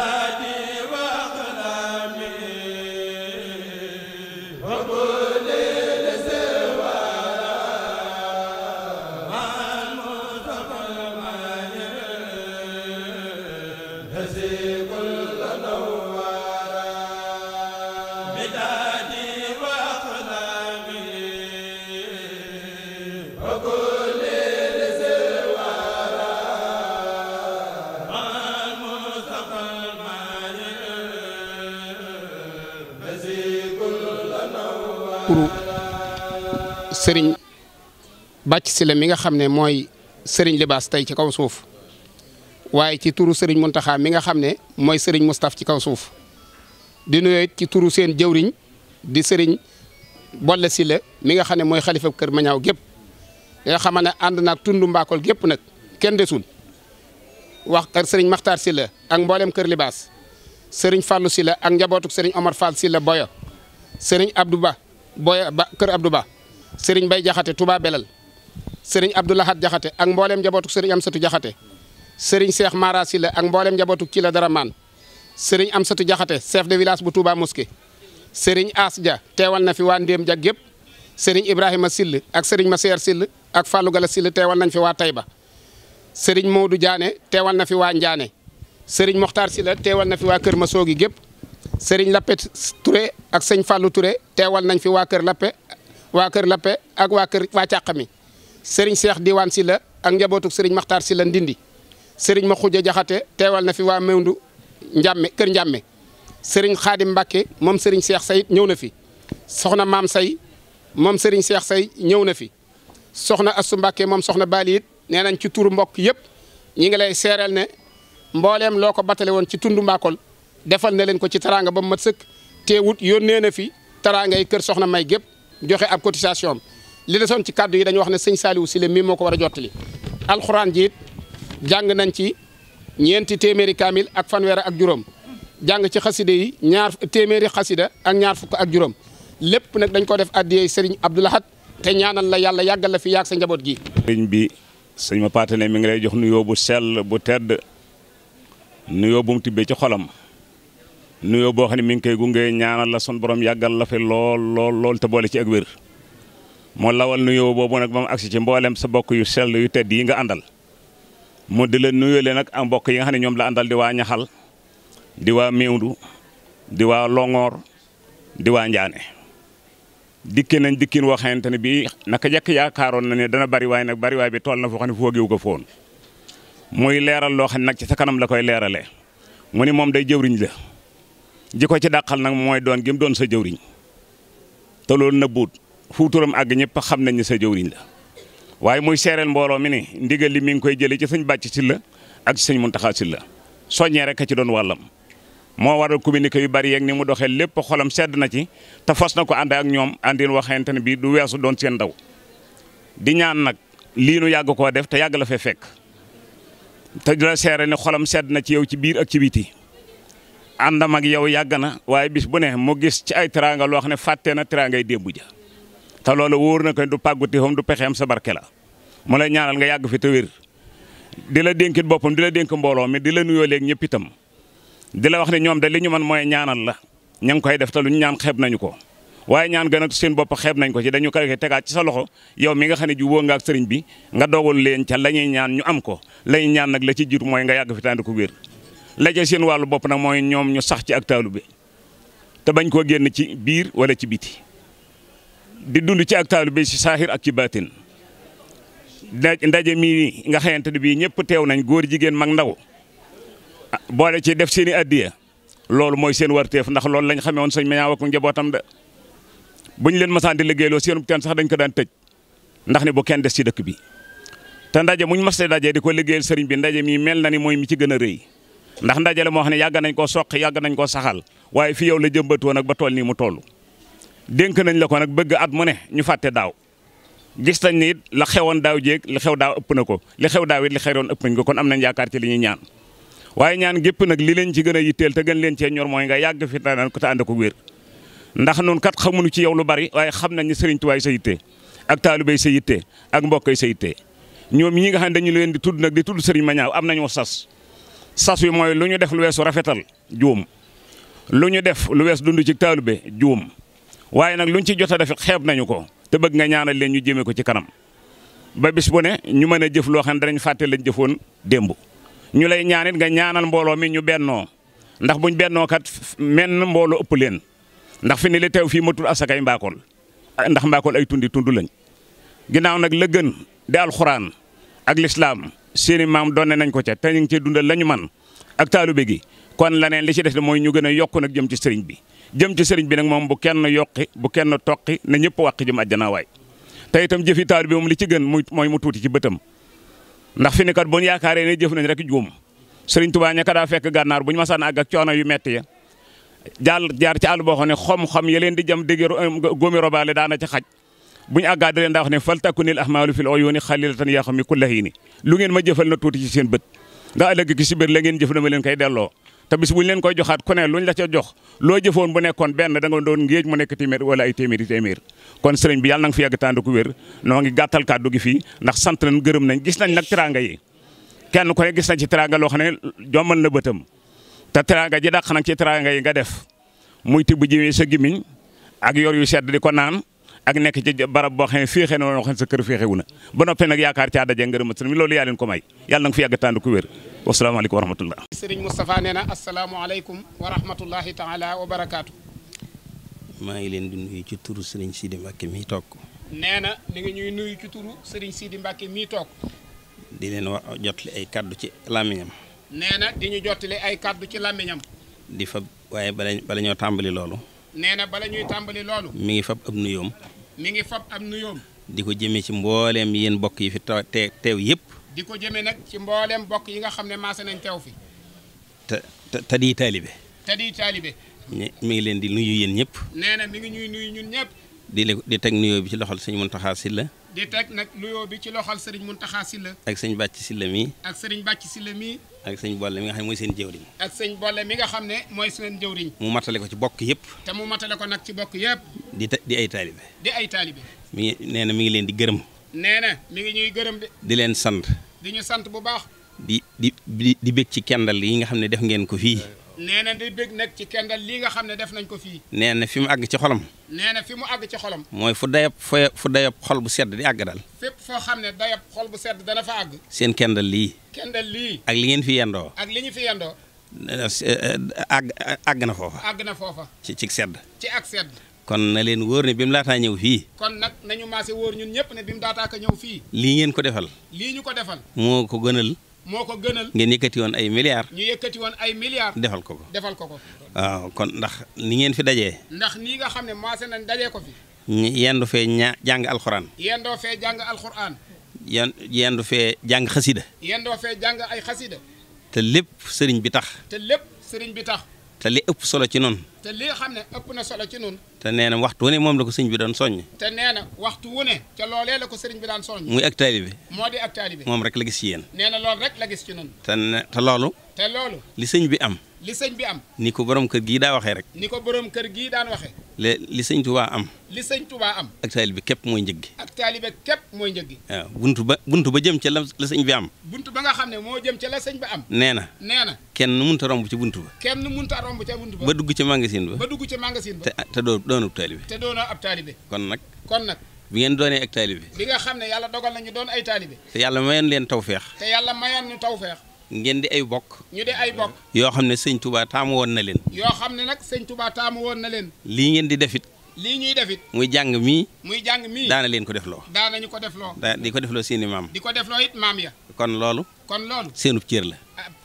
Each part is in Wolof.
yaa turu sëriñ bàcc sile mi nga xam ne mooy sëriñ libaas tey ci kaw suuf waaye ci turu sëriñ muntaxa mi nga xam ne mooy sëriñ mustaf ci kaw suuf di nuyoo ci turu seen jëwriñ di sëriñ bolle si mi nga xam ne mooy xalifa kër mañaaw gépp nga xam ne ànd naag tund mbaakol gépp nag kenn desul wax kër sëriñ maxtaar si la ak mboolem kër libaas sëriñ fàllu si la ak njabootuk sëriñ omar fall si la boyo sëriñ abdou booy ba kër Abdou Ba sëriñ Bay Jaxate Touba Belal sëriñ Abdou Lahad Jaxate ak mboolem njabootu sëriñ Amsatu Jaxate sëriñ Cheikh Mara Silla ak mbooleem njabootu Kila Dara Maan sëriñ Amsatu Jaxate chef de village bu Touba Mosquée sëriñ As Dia teewal na fi waa Ndéem jag gépp sëriñ Ibrahima Sill ak sëriñ Maseer Sill ak Fallou Gala Sill teewal nañ fi waa Tayba sëriñ Modou Diané teewal na fi waa Ndiané sëriñ Mokhtar Silla teewal na fi waa Kër Masoogi gépp sëriñ Lappe Touré ak sëñ Fallou ture teewal nañ fi waa kër Lappe waa kër Lappe ak waa kër waa Càqami sëriñ Cheikh Diwane Sylla ak njabootuk sëriñ Makhtar Sylla Ndindi sëriñ Makhoudia Diakhaté teewal na fi waa Mewndu Njàmme kër Njàmme sëriñ Khadim Mbacke moom sëriñ Cheikh Say ñëw na fi soxna Maam Say moom sëriñ Cheikh Say ñëw na fi soxna Assou Mbacke moom soxna Bali it nee nañ ci turu mbokk yëpp ñi ngi lay seereel ne mbooleem loo ko batale woon ci tundu Mbakol defal na leen ko ci taraanga ba mu mat sëkk teewut yónnee na fi taraanga yi kër soxna may gépp joxe ab cotisation am li desoon ci kàddu yi dañu wax ne sëñ Saliou Sylla mii moo ko war a jottali alxuraan ji jàng nañ ci ñeenti téeméeri kaamil ak fanweer ak juróom jàng ci xasida yi ñaar téeméeri xasida ak ñaar fukk ak juróom lépp nag dañ ko def addiyee sëriñ Abdou Lahad te ñaanal la yàlla yàggal la fi yaag sa njaboot gi. sëriñ bi sëñ ma paatane mi ngi lay jox nuyoo bu sell bu tedd nuyoo bu mu tibbee ci xolam. nuyoo boo xam ne mi ngi koy gunge ñaanal la son boroom yàggal la fi lool lool lool te boole ci ak wér moo lawal nuyoo boobu nag ba mu agsi ci mboolem sa bokk yu sell yu tedd yi nga àndal mu di la nuyoo leen nag am mbokk yi nga xam ne ñoom la àndal di waa ñaxal di waa Mewndu di waa Longoor di waa Njaane dikki nañ dikkin woo xamante ne bii naka jekk yaakaaroon na ne dana bari waay nag bariwaay bi toll na foo xam ne foo giw ko foon muy leeral loo xam nag ci sa kanam la koy leeralee mu moom day jëwriñ la. ji ko ci dàqal nag mooy doon gi doon sa jëwriñ te loolu nëbbuut fuuturam àgg ñëpp xam nañ ne sa jëwriñ la waaye muy seereel mbooloo mi ni ndigal li mi ngi koy jëlee ci sëñ bàcc si la ak ci sëñ mun si la soññee rek a ci doon wàllam moo waral communiqué yu bari yeeg ni mu doxee lépp xolam sedd na ci te fas na ko ànd ak ñoom àndin waxante ne bii du weesu doon seen ndaw di ñaan nag lii nu yàgg koo def te yàgg la fee fekk te di la seere ne xolam sedd na ci yow ci biir ak ci àndam ak yow yàgg na waaye bis bu ne mu gis ci ay teraanga loo xam ne fàtte na teraangay démb ja te loolu wóor na ko du pàgguti xam du pexeem sa barke la mu lay ñaanal nga yàgg fi te wér di la dénkit boppam di la dénk mbooloo mi di la nuyoo léegi ñëpp itam di la wax ne ñoom da li ñu man mooy ñaanal la ña ngi koy def te lu ñu ñaan xeb nañu ko waaye ñaan gën a seen bopp xeeb nañ ko ci dañu koy tegaat ci sa loxo yow mi nga xam ne ju woo ak sëriñ bi nga dogal leen ca la ñuy ñaan ñu am ko la ñaan nag la ci jiitu mooy nga yàgg fi tànd ko wér laje seen wàllu bopp nag mooy ñoom ñu sax ci ak taalu bi te bañ koo génn ci biir wala ci biti di dund ci ak taalu bi si saaxir ak ci baatin ndaje mii nga xayante ne bii ñëpp teew nañ góor jigéen mag ndaw ah, boole ci def seen i addiya loolu mooy seen warteef ndax loolu lañ xamee woon sëñ Mañaaw ak njabootam de buñ leen masaan di liggéeyloo seen teen sax dañ ko daan tëj ndax ne bu kenn def ci dëkk bi te ndaje muñ mas a daje di ko liggéeyal sëriñ bi ndaje mi mel na ni mooy mi ci gën a rëy ndax ndaje la moo xam ne yàgg nañ koo soq yàgg nañ koo saxal waaye fi yow la jëmbatoo nag ba tool nii mu toll dénk nañ la ko nag bëgg at mu ne ñu fàtte daaw gis nañ ni it la xewoon daaw jéeg li xew daaw ëpp na ko li xew daaw it li xewoon ëpp nañ ko kon am nañ yaakaar ci li ñuy ñaan waaye ñaan gépp nag li leen ci gën a yitteel te gën leen cee ñor mooy nga yàgg fi naan ko te ànd ko wér ndax noonu kat xamuñu ci yow lu bari waaye xam nañ ni Sëriñ Tuubaa sa yitte ak taalibey sa ak mbokk yi sa ñoom ñi nga xam ne dañu leen di tudd nag di tudd Sëriñ am nañu sas sas wi mooy lu ñu def lu weesu rafetal juum lu ñu def lu wees dund ci taalube juum waaye nag luñ ci jot a def xeeb nañu ko te bëgg nga ñaanal leen ñu jëmee ko ci kanam ba bis bu ne ñu mën a jëf loo xam ne danañ fàtte lañ jëfoon démb ñu lay ñaanit nga ñaanal mbooloo mi ñu bennoo ndax buñ bennoo kat menn mbooloo ëpp leen ndax fi ni li teew fii matul asakay mbaakool ndax mbaakool ay tundi tund lañ ginnaaw nag la gën di alxuraan ak lislaam seeni maam donne nañ ko ca te ñu ngi cee dundal la ñu man ak taalube gi kon laneen li ci des mooy ñu gën a yokku nag jëm ci sëriñ bi jëm ci sëriñ bi nag moom bu kenn yokki bu kenn toqi na ñëpp wàq jëm àjjana waay te itam jëfi taalube moom li ci gën muy mooy mu tuuti ci bëtam ndax fi ni kat bu ñu yaakaaree ne jëf nañ rek juum sëriñ Tuubaa ña ka daa fekk gànnaar bu ñu masaan àgg ak coono yu metti ya jaar jaar ci àll boo xam ne xom-xom ya leen di jam dégg um, góomi robaale daana ci xaj bu ñu àggaa da leen daa wax ne fal takunil ahmaalu fil uyuuni xalilatan yaa xam mi ku lahiini lu ngeen ma jëfal na tuuti ci seen bët ndax ëllëg ki si biir la ngeen jëf na ma leen koy delloo te bis bu ñu leen koy joxaat ku ne luñ la ca jox loo jëfoon bu nekkoon benn da nga doon ngéej mu nekk téeméer wala ay téeméeri téeméer kon sëriñ bi yàlla na nga fi yàgg tànd ku wér noo ngi gàttal kàddu gi fii ndax sant nañ gërëm nañ gis nañ nag teraanga yi kenn ku ne gis nañ loo xam ne jommal na bëtam te teraanga ji dàq nag ci teraanga yi nga def muy tibb jiwee sa gimiñ ak yor yu di ko naan ak nekk ci barab boo xam ne féexee na woon xam sa kër féexewu na ba noppee nag yaakaar caa daje ngërëm sëriñ mi loolu yaa leen ko may yàlla na nga fi yàgg tànd ku wér wasalaamaaleykum wa rahmatullah sëriñ Moustapha nee na asalaamualeykum wa rahmatullahi taala wa barakaatu maa ngi leen di nuyu ci turu sëriñ Sidi Mbacke mii toog nee na li nga ñuy nuyu ci turu sëriñ Sidi Mbacke mii toog di leen wax jotli ay kaddu ci làmmiñam nee na di ñu ay kaddu ci làmmiñam di fa waaye bala bala ñoo tàmbali loolu nee na bala tàmbali loolu mi ngi fab ab nuyoom mi ngi fab am nuyoom. di ko jëmee ci mbooleem yéen mbokk yi fi te teew yëpp. di ko jëmee nag ci mbooleem mbokk yi nga xam ne maase nañ teew fi. te te te di taalibe. te di taalibe. mi ngi leen di nuyu yéen ñëpp. nee na mi ngi ñuy nuyu ñun ñëpp. di le di teg nuyoo bi ci loxol sëñ Muntaxa Silla di teg nag luyo bi ci loxol sëriñ Mountakha Sylla ak sëñ Bàcc Sylla mii ak sëriñ Bàcc Sylla mii ak sëñ boole mi nga xam ne mooy seen jëwriñ ak sëñ boole mi nga xam ne mooy seen jëwriñ mu matale ko ci bokk yëpp te mu matale ko nag ci bokk yëpp di di ay taalibe di ay taalibe mi ngi nee na mi ngi leen di gërëm nee na mi ngi ñuy gërëm de di leen sant di ñu sant bu baax di di di di bég ci kendal yi nga xam ne def ngeen ko fii nee na di bég nag ci kendal lii nga xam ne def nañ ko fii. nee na fi mu àgg ci xolom nee fi mu àgg ci xolom mooy fu dayab fu dayab xol bu sedd di àgg daal. fépp foo xam ne dayab xol bu sedd dana fa àgg. seen kendal lii. kendal lii. ak li ngeen fi yendoo. ak li ñu fi yendoo. Eh, eh, àgg àgg na foofa. àgg na foofa. ci ci sedd. ci ak sedd. kon na leen wóor ne bi mu laataa ñëw fii. kon nag nañu maase wóor ñun ñëpp ne bi mu daataa ka ñëw fii. lii ngeen ko defal. lii ñu ko defal. moo ko gënal. moo ko gënal ngeen yëkkati woon ay milliards. ñu yëkkati woon ay milliards. defal ko ko defal ko ko. waaw kon ndax ni ngeen fi dajee. ndax nii nga xam ne maase nañ dajee ko fi. ñu yendu fee ña jàng alxuraan. yendoo fee jàng alxuraan. yen yendu fee jàng xasida. yendoo fee jàng ay xasida. te lépp sëriñ bi tax. te lépp sëriñ bi tax. te li ëpp solo ci noonu. te li xam ne ëpp na solo ci noonu. te nee na waxtu wu ne moom la ko sëñ bi doon soññ. te nee na waxtu wu ne. te loolee la ko sëriñ bi daan soññ. muy ak taalibe. moo di ak taalibe. moom rek la gis ci yéen. nee na loolu rek la gis ci noonu. te ne loolu. te loolu. li sëriñ bi am. li sëñ bi am. ni ko borom kër gii daa waxee rek. ni ko borom kër gii daan waxee. li li sëñ am. li sëñ Touba am. ak taalibe képp mooy njëg gi. ak taalibe képp mooy njëg buntu ba bunt ba jëm ca la la bi am. buntu ba nga xam ne moo jëm ca la sëñ bi nee na nee na. kenn mënut a romb ci bunt ba. kenn mënut a romb ca buntu ba. ba dugg ci magasin ba. dugg ci magasin ba. te te doo doon ab taalibe. te kon nag kon nag. bi ngeen doonee ak taalibe. bi nga xam ne yàlla dogal nañu doon ay taalibe. te yàlla mayoon leen tawfeex. te yàlla mayoon ñu tawfeex ngeen di ay bokk. ñu di ay bokk. yoo xam ne sëñ Touba taamu woon na leen. yoo xam ne nag sëñ Touba taamu woon na leen. lii ngeen di defit li ñuy defit muy jàng mii. muy jàng mii daana leen ko defloo. daanañu ko defloo. di ko defloo seeni maam. di ko defloo it maam ya. kon loolu. kon loolu seenub cër la.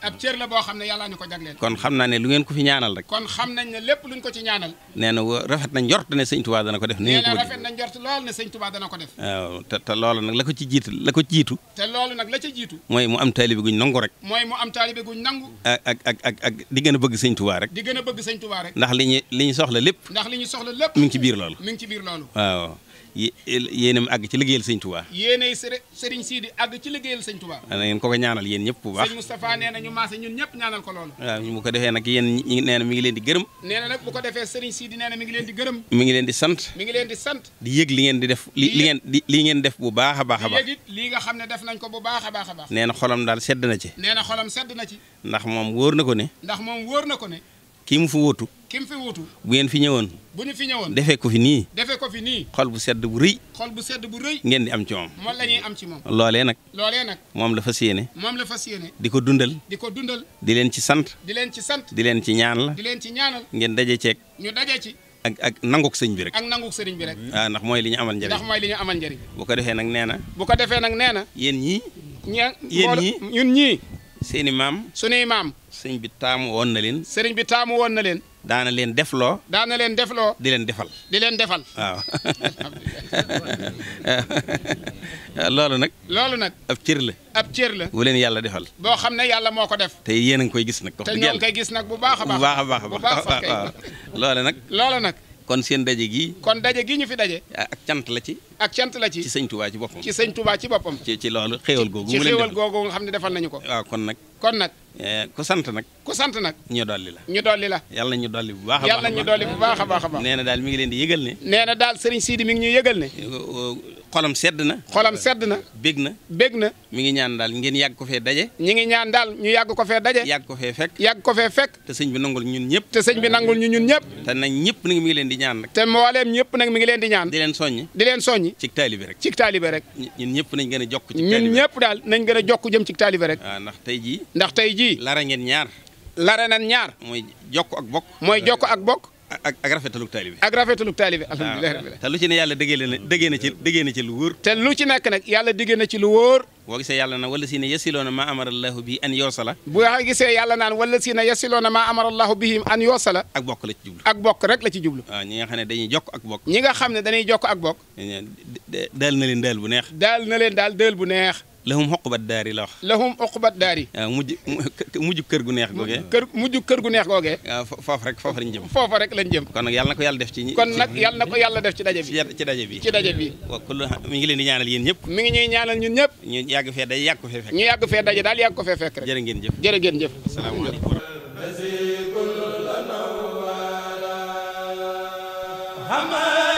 ab cër la boo xam ne yàlla ñu ko jagleel kon xam naa ne lu ngeen ko fi ñaanal rek kon xam nañ ne lépp luñ ko ci ñaanal nee na rafet na njort ne sëñ Tuubaa dana ko def nee na rafet na njort lool ne sëñ Tuubaa ko def waaw te te loolu nag la ko ci jiitu la ko jiitu te loolu nag la ca jiitu mooy mu am taalibe guñ nangu rek mooy mu am taalibe guñ nangu ak ak ak di gën a bëgg sëñ Tuubaa rek di gën a bëgg sëñ rek ndax li ñu li ñu soxla lépp ndax li ñu soxla lépp mi ngi ci biir loolu mi ngi ci biir loolu waaw yéenam àgg ci liggéeyal sëñ Touba yéenay sëriñ Sidi àgg ci liggéeyal sëñ Touba na ngeen ko ko ñaanal yeen ñëpp bu baax sëñ Moustapha nee na ñu maase ñun ñëpp nee na mi leen gërëm nee na nag bu ko defee sëriñ Sidi nee na mi di sant mi leen di sant di ngeen di def li li ngeen di li ngeen def bu a baax a baax lii nga xam ne def nañ ko bu baax a baax baax nee na xolam daal sedd na ci nee na xolam sedd na ci ndax moom wóor na ko ne ndax moom wóor na ko ne kii mu fi wuutu ki fi wuutu bu ngeen fi ñëwoon bu ñu fi ñëwoon defee ko fi nii fi nii xol bu sedd bu rëy bu ngeen di am ci moom moom la ñuy am ci moom loole nag loolee nag moom la fas yéene moom la fa yéene di ko dundal di ko dundal di leen ci sant di leen ci sant di leen ci ñaan la di leen ci ñaanal ngeen daje ceek ñu daje ci ak ak nanguk sëñ bi rek ak nanguk sëriñ bi rek ah, ndax mooy li ñu amal njëriñ ndax mooy li ñu amal njëriñ bu ko defee nag nee na bu ko defee nag nee na yéen ñun ñii seeni maam. sunuy maam. sëñ bi taamu woon na leen. sëriñ bi taamu woon na leen. daana leen def defloo. daana leen defloo. di leen defal. di leen defal. loolu nag. loolu nag. ab cër la. ab cër la. bu leen yàlla defal. boo xam ne yàlla moo ko def. te yéen a ngi koy gis nag. te ñoo ngi koy gis nag bu baax a baax. bu baax a baax bu baax a loolu nag. loolu nag. kon seen daje gi kon daje gi ñu fi daje. ak cant la ci. ak cant la ci ci sëñ Touba ci boppam. ci sëñ Touba ci boppam. ci ci loolu xéewal googu. mu leen ci xéewal googu nga xam ne defal nañu ko. kon nag. kon nag. Eh, ku sant nag. ku sant nag. ñu dolli la. ñu dolli la. yàlla ñu dolli bu baax a baax yàlla ñu baax a baax a nee na daal mi ngi leen di yëgal ne. nee na daal sëriñ Sidi mi ngi ñuy ne. Eh, xolam sedd na xolam sedd na bég na bég na mi ngi ñaan daal ngeen yàgg ko fee daje ñi ngi ñaan daal ñu yàgg ko fee daje yàgg ko fe fekk yàgg ko fee fekk te sëñ bi nangul ñun ñëpp te sëñ bi nangul ñu ñun ñëpp te nag ñëpp nag mi ngi leen di ñaan nag te mbooleem ñëpp nag mi ngi leen di ñaan di leen soññ leen soññ cig taalibe rek cig taalibe rek ñun ñëpp nañ gën a jokk ci ñun ñëpp daal nañ gën a jokk jëm cig taalibe rek waaw ndax tey jii ndax tey jii lara ngeen ñaar lara nan ñaar mooy jokk ak bokk mooy jokk ak bokk ak ak rafetaluk taalibe ak rafetaluk taalibe alhamdulilah rabbil te lu ci ne yàlla déggee na déggee na ci na ci lu wóor te lu ci nekk nag yàlla déggee na ci lu wóor boo gisee yàlla naan wala si ne yasiloona maa amarallahu bi an yoosala boo bihim an yoosala ak bokk la ci jublu ak bokk rek la ci jublu ñi nga xam ne dañuy jokk ak bokk ñi nga xam ne dañuy jokk ak bokk daal na leen daal bu neex lahum uqbat daari la wax. lahum uqbat daari. waaw ah, kër gu neex googee. kër mujj kër gu neex googee. waaw ah, foofu rek foofu lañ jëm. foofa rek lañ jëm. kon nag yàlla na ko yàlla def ci ñi. kon nag ko yàlla def ci daje bi. ci daje bi ci daje bi. waaw kon mi leen di ñaanal yéen ñëpp. mi ngi ñaanal ñun ñëpp. ñu yàgg fee daje yàgg ko fee ñu yàgg fee daje daal yàgg ko fee fekk rek. jërë ngeen jëf jërë ngeen jëf. asalaamaaleykum. Amin.